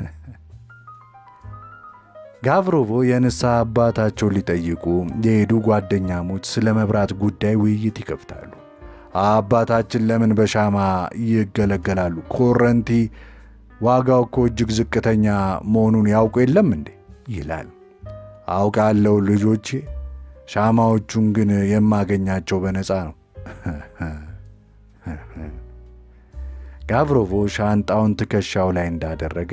ጋቭሮቮ የንስሐ አባታቸውን ሊጠይቁ የሄዱ ጓደኛሞች ስለ መብራት ጉዳይ ውይይት ይከፍታሉ። አባታችን ለምን በሻማ ይገለገላሉ? ኮረንቲ ዋጋው እኮ እጅግ ዝቅተኛ መሆኑን ያውቁ የለም እንዴ? ይላል። አውቃለሁ ልጆቼ፣ ሻማዎቹን ግን የማገኛቸው በነፃ ነው። ጋቭሮቮ ሻንጣውን ትከሻው ላይ እንዳደረገ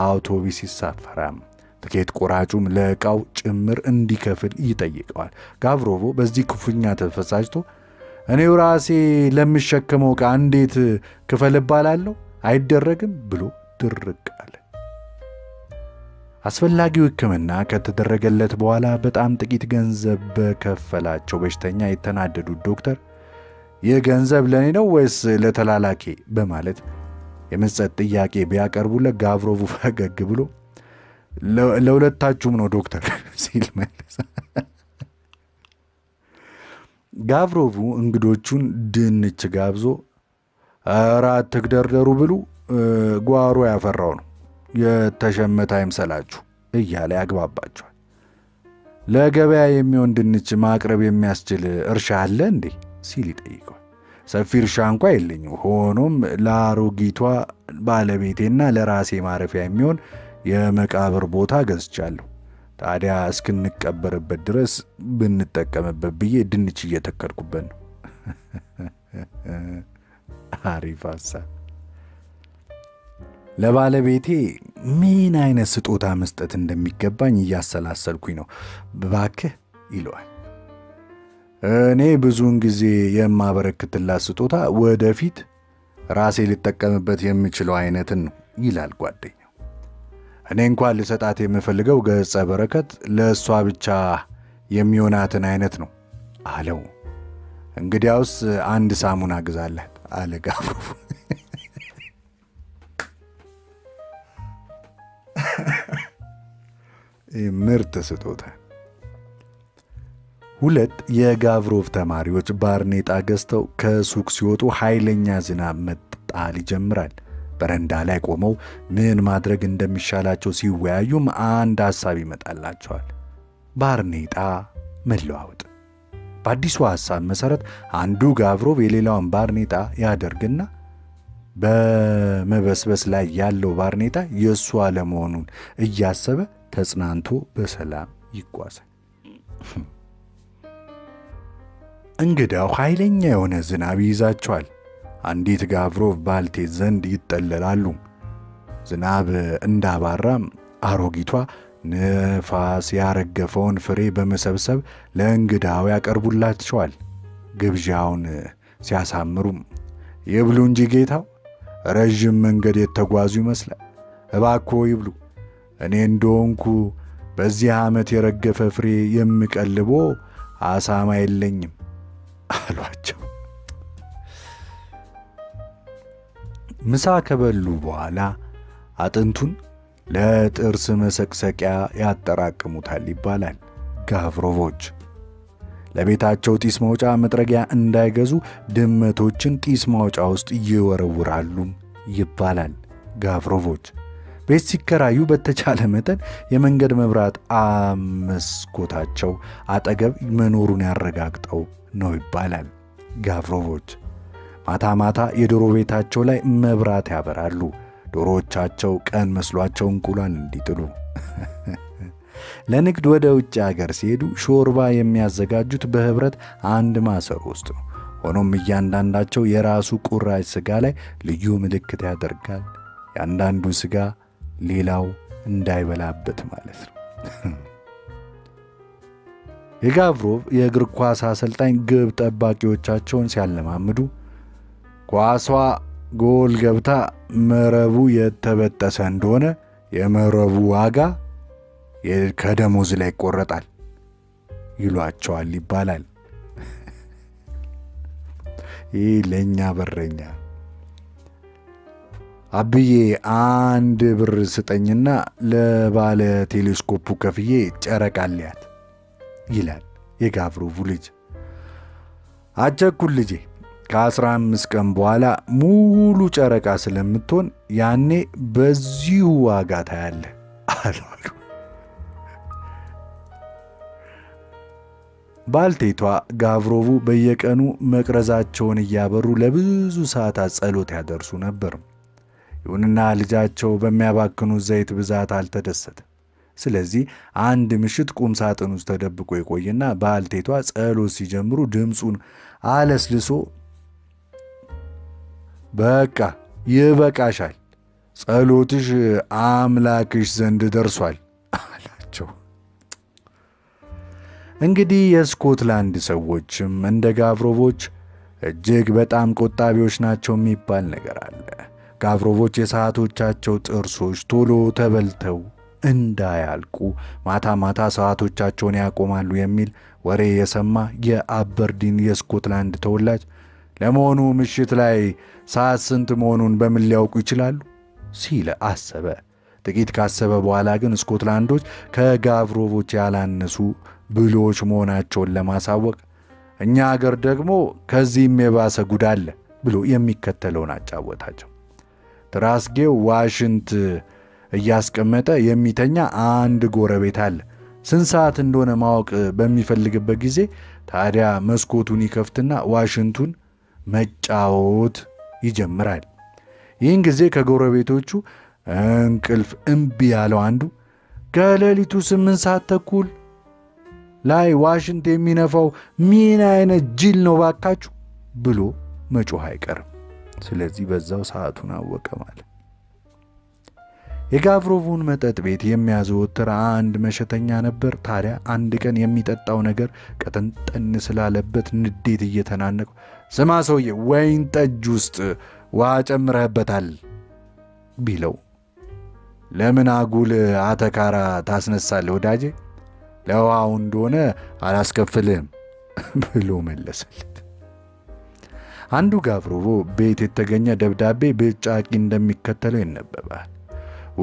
አውቶቢስ ይሳፈራል። ትኬት ቆራጩም ለዕቃው ጭምር እንዲከፍል ይጠይቀዋል። ጋብሮቮ በዚህ ክፉኛ ተፈሳጭቶ እኔው ራሴ ለምሸከመው ዕቃ እንዴት ክፈል እባላለሁ? አይደረግም ብሎ ድርቅ አለ። አስፈላጊው ሕክምና ከተደረገለት በኋላ በጣም ጥቂት ገንዘብ በከፈላቸው በሽተኛ የተናደዱት ዶክተር ይህ ገንዘብ ለእኔ ነው ወይስ ለተላላኬ በማለት የመጸት ጥያቄ ቢያቀርቡለት ጋቭሮቭ ፈገግ ብሎ ለሁለታችሁም ነው ዶክተር ሲል መለሰ። ጋቭሮቭ እንግዶቹን ድንች ጋብዞ ኧረ ትግደርደሩ ብሉ፣ ጓሮ ያፈራው ነው የተሸመተ አይምሰላችሁ እያለ ያግባባቸዋል። ለገበያ የሚሆን ድንች ማቅረብ የሚያስችል እርሻ አለ እንዴ? ሲል ይጠይቀዋል። ሰፊ እርሻ እንኳ የለኝም። ሆኖም ለአሮጊቷ ባለቤቴና ለራሴ ማረፊያ የሚሆን የመቃብር ቦታ ገዝቻለሁ። ታዲያ እስክንቀበርበት ድረስ ብንጠቀምበት ብዬ ድንች እየተከልኩበት ነው። አሪፍ ሀሳብ። ለባለቤቴ ምን አይነት ስጦታ መስጠት እንደሚገባኝ እያሰላሰልኩኝ ነው። ባክህ ይለዋል እኔ ብዙውን ጊዜ የማበረክትላት ስጦታ ወደፊት ራሴ ልጠቀምበት የምችለው አይነትን ነው ይላል ጓደኛው። እኔ እንኳን ልሰጣት የምፈልገው ገጸ በረከት ለእሷ ብቻ የሚሆናትን አይነት ነው አለው። እንግዲያውስ አንድ ሳሙና ግዛላት አለ ጋብሮቭ። ምርጥ ስጦታ ሁለት የጋቭሮቭ ተማሪዎች ባርኔጣ ገዝተው ከሱቅ ሲወጡ ኃይለኛ ዝናብ መጣል ይጀምራል። በረንዳ ላይ ቆመው ምን ማድረግ እንደሚሻላቸው ሲወያዩም አንድ ሐሳብ ይመጣላቸዋል። ባርኔጣ መለዋወጥ። በአዲሱ ሐሳብ መሠረት አንዱ ጋቭሮቭ የሌላውን ባርኔጣ ያደርግና በመበስበስ ላይ ያለው ባርኔጣ የእሱ አለመሆኑን እያሰበ ተጽናንቶ በሰላም ይጓዛል። እንግዳው ኃይለኛ የሆነ ዝናብ ይይዛቸዋል። አንዲት ጋቭሮቭ ባልቴት ዘንድ ይጠለላሉ። ዝናብ እንዳባራም አሮጊቷ ንፋስ ያረገፈውን ፍሬ በመሰብሰብ ለእንግዳው ያቀርቡላቸዋል። ግብዣውን ሲያሳምሩም ይብሉ እንጂ ጌታው ረዥም መንገድ የተጓዙ ይመስላል። እባክዎ ይብሉ። እኔ እንደሆንኩ በዚህ ዓመት የረገፈ ፍሬ የምቀልቦ አሳማ የለኝም። አሏቸው። ምሳ ከበሉ በኋላ አጥንቱን ለጥርስ መሰቅሰቂያ ያጠራቅሙታል ይባላል። ጋቭሮቮች ለቤታቸው ጢስ ማውጫ መጥረጊያ እንዳይገዙ ድመቶችን ጢስ ማውጫ ውስጥ ይወረውራሉም ይባላል። ጋቭሮቮች ቤት ሲከራዩ በተቻለ መጠን የመንገድ መብራት አመስኮታቸው አጠገብ መኖሩን ያረጋግጠው ነው ይባላል። ጋቭሮቮች ማታ ማታ የዶሮ ቤታቸው ላይ መብራት ያበራሉ፣ ዶሮዎቻቸው ቀን መስሏቸው እንቁላል እንዲጥሉ። ለንግድ ወደ ውጭ አገር ሲሄዱ ሾርባ የሚያዘጋጁት በህብረት አንድ ማሰሮ ውስጥ ነው። ሆኖም እያንዳንዳቸው የራሱ ቁራጭ ሥጋ ላይ ልዩ ምልክት ያደርጋል። የአንዳንዱ ሥጋ ሌላው እንዳይበላበት ማለት ነው። የጋቭሮቭ የእግር ኳስ አሰልጣኝ ግብ ጠባቂዎቻቸውን ሲያለማምዱ ኳሷ ጎል ገብታ መረቡ የተበጠሰ እንደሆነ የመረቡ ዋጋ ከደሞዝ ላይ ይቆረጣል ይሏቸዋል ይባላል። ይህ ለእኛ በረኛ አብዬ አንድ ብር ስጠኝና ለባለ ቴሌስኮፑ ከፍዬ ጨረቃልያት ይላል የጋብሮቭ ልጅ። አቸኩል ልጄ ከአስራ አምስት ቀን በኋላ ሙሉ ጨረቃ ስለምትሆን ያኔ በዚሁ ዋጋ ታያለህ አሉ። ባልቴቷ ጋብሮቡ በየቀኑ መቅረዛቸውን እያበሩ ለብዙ ሰዓታት ጸሎት ያደርሱ ነበር። ይሁንና ልጃቸው በሚያባክኑ ዘይት ብዛት አልተደሰተ። ስለዚህ አንድ ምሽት ቁም ሳጥን ውስጥ ተደብቆ የቆየና ባልቴቷ ጸሎት ሲጀምሩ ድምፁን አለስልሶ በቃ ይበቃሻል፣ ጸሎትሽ አምላክሽ ዘንድ ደርሷል አላቸው። እንግዲህ የስኮትላንድ ሰዎችም እንደ ጋብሮቦች እጅግ በጣም ቆጣቢዎች ናቸው የሚባል ነገር አለ። ጋብሮቦች የሰዓቶቻቸው ጥርሶች ቶሎ ተበልተው እንዳያልቁ ማታ ማታ ሰዓቶቻቸውን ያቆማሉ የሚል ወሬ የሰማ የአበርዲን የስኮትላንድ ተወላጅ ለመሆኑ ምሽት ላይ ሰዓት ስንት መሆኑን በምን ሊያውቁ ይችላሉ? ሲል አሰበ። ጥቂት ካሰበ በኋላ ግን ስኮትላንዶች ከጋብሮቦች ያላነሱ ብሎች መሆናቸውን ለማሳወቅ እኛ አገር ደግሞ ከዚህም የባሰ ጉድ አለ ብሎ የሚከተለውን አጫወታቸው። ራስጌው ዋሽንት እያስቀመጠ የሚተኛ አንድ ጎረቤት አለ። ስንት ሰዓት እንደሆነ ማወቅ በሚፈልግበት ጊዜ ታዲያ መስኮቱን ይከፍትና ዋሽንቱን መጫወት ይጀምራል። ይህን ጊዜ ከጎረቤቶቹ እንቅልፍ እምቢ ያለው አንዱ ከሌሊቱ ስምንት ሰዓት ተኩል ላይ ዋሽንት የሚነፋው ምን አይነት ጅል ነው ባካችሁ ብሎ መጮህ አይቀርም። ስለዚህ በዛው ሰዓቱን አወቀ ማለት። የጋቭሮቭን መጠጥ ቤት የሚያዘወትር አንድ መሸተኛ ነበር። ታዲያ አንድ ቀን የሚጠጣው ነገር ቀጠንጠን ስላለበት ንዴት እየተናነቁ ስማ ሰውዬ፣ ወይን ጠጅ ውስጥ ውሃ ጨምረህበታል ቢለው ለምን አጉል አተካራ ታስነሳለህ ወዳጄ፣ ለውሃው እንደሆነ አላስከፍልህም ብሎ መለሰል። አንዱ ጋብሮቮ ቤት የተገኘ ደብዳቤ ብጫቂ እንደሚከተለው ይነበባል።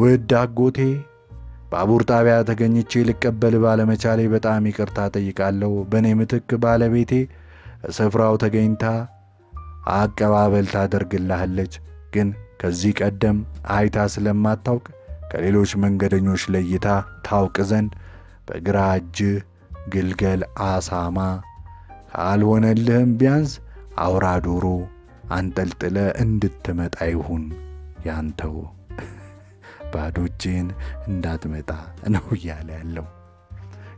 ውድ አጎቴ፣ ባቡር ጣቢያ ተገኝቼ ልቀበል ባለመቻሌ በጣም ይቅርታ ጠይቃለሁ። በእኔ ምትክ ባለቤቴ ስፍራው ተገኝታ አቀባበል ታደርግልሃለች። ግን ከዚህ ቀደም አይታ ስለማታውቅ ከሌሎች መንገደኞች ለይታ ታውቅ ዘንድ በግራ እጅህ ግልገል አሳማ፣ ካልሆነልህም ቢያንስ አውራ ዶሮ አንጠልጥለ እንድትመጣ ይሁን ያንተው፣ ባዶ እጄን እንዳትመጣ ነው እያለ ያለው።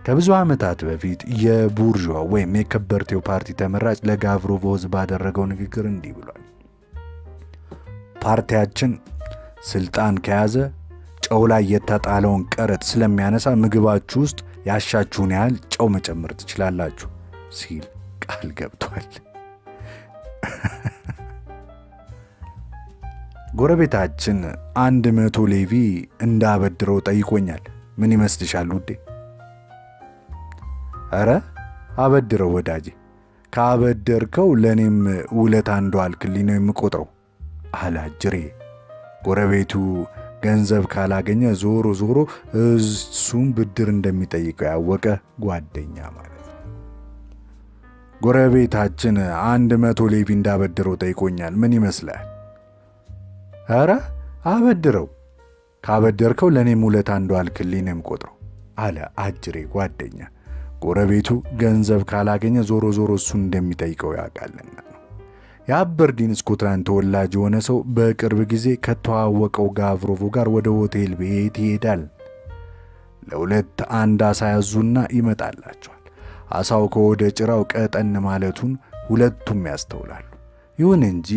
ከብዙ ዓመታት በፊት የቡርዣ ወይም የከበርቴው ፓርቲ ተመራጭ ለጋቭሮቭ ሕዝብ ባደረገው ንግግር እንዲህ ብሏል። ፓርቲያችን ስልጣን ከያዘ ጨው ላይ የተጣለውን ቀረጥ ስለሚያነሳ ምግባችሁ ውስጥ ያሻችሁን ያህል ጨው መጨመር ትችላላችሁ ሲል ቃል ገብቷል። ጎረቤታችን አንድ መቶ ሌቪ እንዳበድረው ጠይቆኛል። ምን ይመስልሻል ውዴ? ኧረ አበድረው ወዳጄ፣ ካበደርከው ለእኔም ውለት አንዱ አልክልኝ ነው የምቆጥረው አላጅሬ ጎረቤቱ ገንዘብ ካላገኘ ዞሮ ዞሮ እሱም ብድር እንደሚጠይቀው ያወቀ ጓደኛ ማለት ጎረቤታችን አንድ መቶ ሌቪ እንዳበድረው ጠይቆኛል። ምን ይመስላል? ኧረ አበድረው፣ ካበደርከው ለእኔም ውለታ እንዳዋልክልኝ ነው የምቆጥረው አለ አጅሬ ጓደኛ። ጎረቤቱ ገንዘብ ካላገኘ ዞሮ ዞሮ እሱን እንደሚጠይቀው ያውቃልና ነው። የአበርዲን ስኮትላንድ ተወላጅ የሆነ ሰው በቅርብ ጊዜ ከተዋወቀው ጋቭሮቮ ጋር ወደ ሆቴል ቤት ይሄዳል። ለሁለት አንድ አሳ ያዙና ይመጣላቸዋል። አሳው ከወደ ጭራው ቀጠን ማለቱን ሁለቱም ያስተውላሉ። ይሁን እንጂ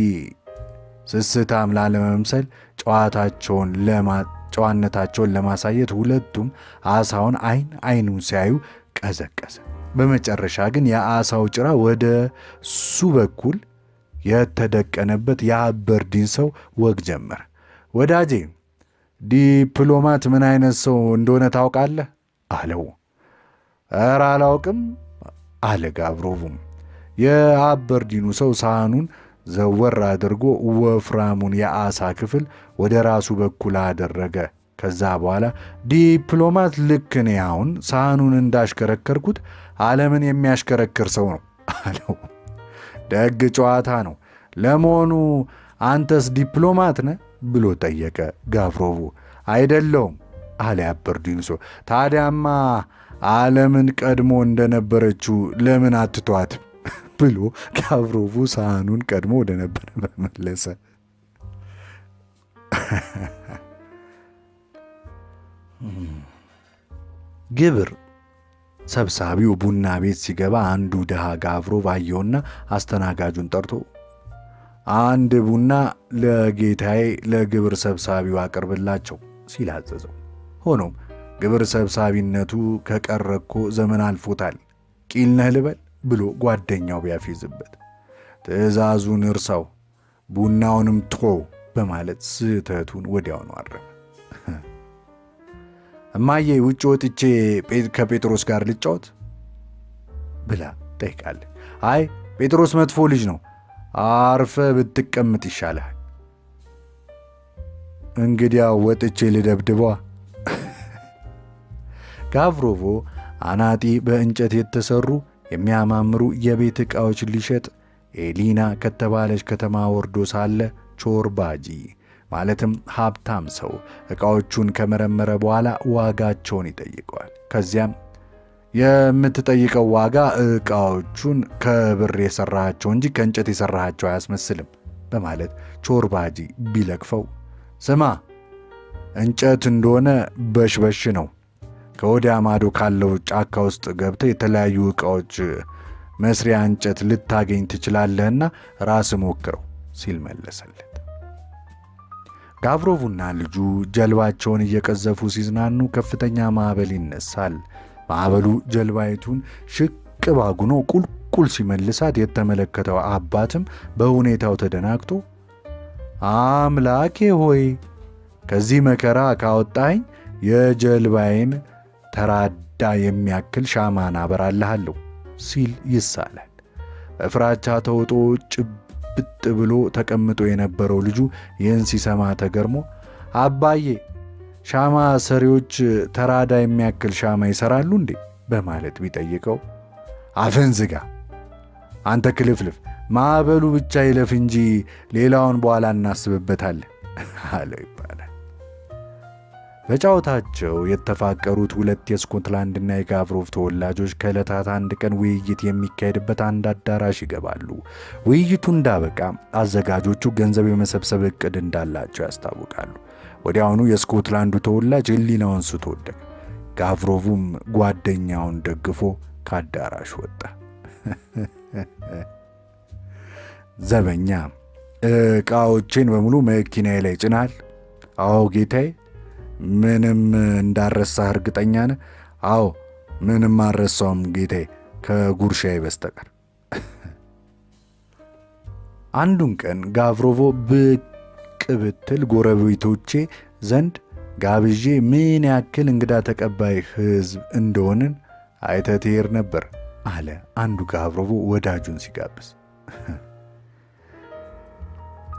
ስስታም ላለመምሰል ጨዋታቸውን ጨዋነታቸውን ለማሳየት ሁለቱም አሳውን አይን አይኑን ሲያዩ ቀዘቀዘ። በመጨረሻ ግን የአሳው ጭራ ወደ እሱ በኩል የተደቀነበት የአበርዲን ሰው ወግ ጀመረ። ወዳጄ ዲፕሎማት ምን አይነት ሰው እንደሆነ ታውቃለህ? አለው። እረ አላውቅም አለ ጋብሮቩም። የአበርዲኑ ሰው ሳህኑን ዘወር አድርጎ ወፍራሙን የአሳ ክፍል ወደ ራሱ በኩል አደረገ። ከዛ በኋላ ዲፕሎማት ልክ እኔ አሁን ሳህኑን እንዳሽከረከርኩት ዓለምን የሚያሽከረክር ሰው ነው አለው። ደግ ጨዋታ ነው። ለመሆኑ አንተስ ዲፕሎማት ነ ብሎ ጠየቀ ጋቭሮቭ። አይደለውም አለ አበርዲኑ ሰው። ታዲያማ ዓለምን ቀድሞ እንደነበረችው ለምን አትቷት ብሎ ጋብሮቭ ሳህኑን ቀድሞ ወደነበረ መመለሰ። ግብር ሰብሳቢው ቡና ቤት ሲገባ አንዱ ድሃ ጋብሮ አየውና አስተናጋጁን ጠርቶ አንድ ቡና ለጌታዬ ለግብር ሰብሳቢው አቅርብላቸው ሲል አዘዘው። ሆኖም ግብር ሰብሳቢነቱ ከቀረ እኮ ዘመን አልፎታል፣ ቂል ነህ ልበል ብሎ ጓደኛው ቢያፌዝበት ትዕዛዙን እርሳው ቡናውንም ትቆ በማለት ስህተቱን ወዲያውኑ አረመ። እማዬ ውጭ ወጥቼ ከጴጥሮስ ጋር ልጫወት ብላ ጠይቃለች። አይ ጴጥሮስ መጥፎ ልጅ ነው፣ አርፈ ብትቀምጥ ይሻልሃል። እንግዲያ ወጥቼ ልደብድቧ ጋቭሮቮ አናጢ በእንጨት የተሠሩ የሚያማምሩ የቤት ዕቃዎች ሊሸጥ ኤሊና ከተባለች ከተማ ወርዶ ሳለ ቾርባጂ ማለትም ሀብታም ሰው ዕቃዎቹን ከመረመረ በኋላ ዋጋቸውን ይጠይቀዋል። ከዚያም የምትጠይቀው ዋጋ ዕቃዎቹን ከብር የሠራሃቸው እንጂ ከእንጨት የሠራሃቸው አያስመስልም በማለት ቾርባጂ ቢለቅፈው፣ ስማ እንጨት እንደሆነ በሽበሽ ነው ከወዲያ ማዶ ካለው ጫካ ውስጥ ገብተህ የተለያዩ ዕቃዎች መስሪያ እንጨት ልታገኝ ትችላለህና ራስ ሞክረው ሲል መለሰለት። ጋብሮቭና ልጁ ጀልባቸውን እየቀዘፉ ሲዝናኑ ከፍተኛ ማዕበል ይነሳል። ማዕበሉ ጀልባይቱን ሽቅ ባጉኖ ቁልቁል ሲመልሳት የተመለከተው አባትም በሁኔታው ተደናግጦ አምላኬ ሆይ ከዚህ መከራ ካወጣኝ የጀልባዬን ተራዳ የሚያክል ሻማ አበራልሃለሁ ሲል ይሳላል። በፍራቻ ተውጦ ጭብጥ ብሎ ተቀምጦ የነበረው ልጁ ይህን ሲሰማ ተገርሞ አባዬ ሻማ ሰሪዎች ተራዳ የሚያክል ሻማ ይሰራሉ እንዴ? በማለት ቢጠይቀው አፍህን ዝጋ አንተ ክልፍልፍ፣ ማዕበሉ ብቻ ይለፍ እንጂ ሌላውን በኋላ እናስብበታለን አለው ይባላል። በጨዋታቸው የተፋቀሩት ሁለት የስኮትላንድና የጋቭሮቭ ተወላጆች ከዕለታት አንድ ቀን ውይይት የሚካሄድበት አንድ አዳራሽ ይገባሉ። ውይይቱ እንዳበቃ አዘጋጆቹ ገንዘብ የመሰብሰብ እቅድ እንዳላቸው ያስታውቃሉ። ወዲያውኑ የስኮትላንዱ ተወላጅ ሕሊናውን ስቶ ወደቀ። ጋቭሮቭም ጓደኛውን ደግፎ ከአዳራሽ ወጣ። ዘበኛ፣ ዕቃዎቼን በሙሉ መኪናዬ ላይ ጭናል? አዎ ጌታዬ ምንም እንዳረሳህ እርግጠኛ ነህ? አዎ ምንም አረሳውም ጌቴ ከጉርሻዬ በስተቀር። አንዱን ቀን ጋቭሮቮ ብቅ ብትል ጎረቤቶቼ ዘንድ ጋብዤ ምን ያክል እንግዳ ተቀባይ ሕዝብ እንደሆንን አይተህ ትሄድ ነበር አለ አንዱ ጋቭሮቮ ወዳጁን ሲጋብዝ።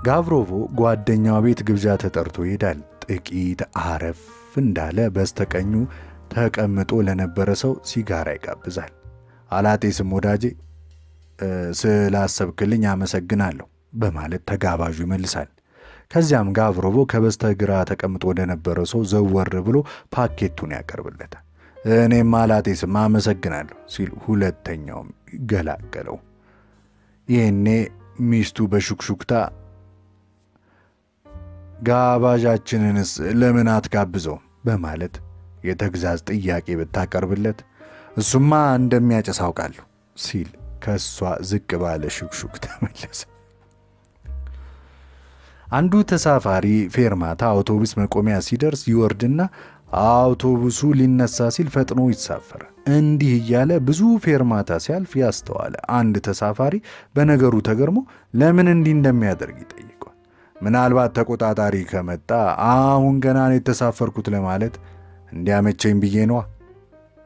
ጋቭሮቮ ጓደኛው ቤት ግብዣ ተጠርቶ ይሄዳል። ጥቂት አረፍ እንዳለ በስተቀኙ ተቀምጦ ለነበረ ሰው ሲጋራ ይጋብዛል። አላጤስም ወዳጄ ስላሰብክልኝ አመሰግናለሁ በማለት ተጋባዡ ይመልሳል። ከዚያም ጋብሮቮ ከበስተግራ ተቀምጦ ወደነበረ ሰው ዘወር ብሎ ፓኬቱን ያቀርብለታል። እኔም አላጤስም አመሰግናለሁ ሲል ሁለተኛውም ይገላገለው። ይህኔ ሚስቱ በሹክሹክታ ጋባዣችንንስ ለምን አትጋብዘው በማለት የተግዛዝ ጥያቄ ብታቀርብለት እሱማ እንደሚያጨስ አውቃለሁ ሲል ከእሷ ዝቅ ባለ ሹክሹክ ተመለሰ። አንዱ ተሳፋሪ ፌርማታ አውቶቡስ መቆሚያ ሲደርስ ይወርድና አውቶቡሱ ሊነሳ ሲል ፈጥኖ ይሳፈራል። እንዲህ እያለ ብዙ ፌርማታ ሲያልፍ ያስተዋለ አንድ ተሳፋሪ በነገሩ ተገርሞ ለምን እንዲህ እንደሚያደርግ ይጠይቅ ምናልባት ተቆጣጣሪ ከመጣ አሁን ገና ነው የተሳፈርኩት ለማለት እንዲያመቸኝ ብዬ ነዋ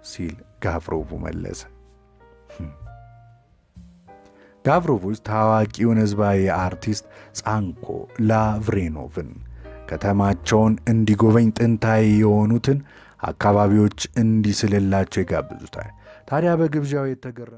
ሲል ጋፍሮቡ መለሰ። ጋቭሮቭ ታዋቂውን ህዝባዊ አርቲስት ጻንኮ ላቭሬኖቭን ከተማቸውን እንዲጎበኝ ጥንታዊ የሆኑትን አካባቢዎች እንዲስልላቸው ይጋብዙታል። ታዲያ በግብዣው የተገረመ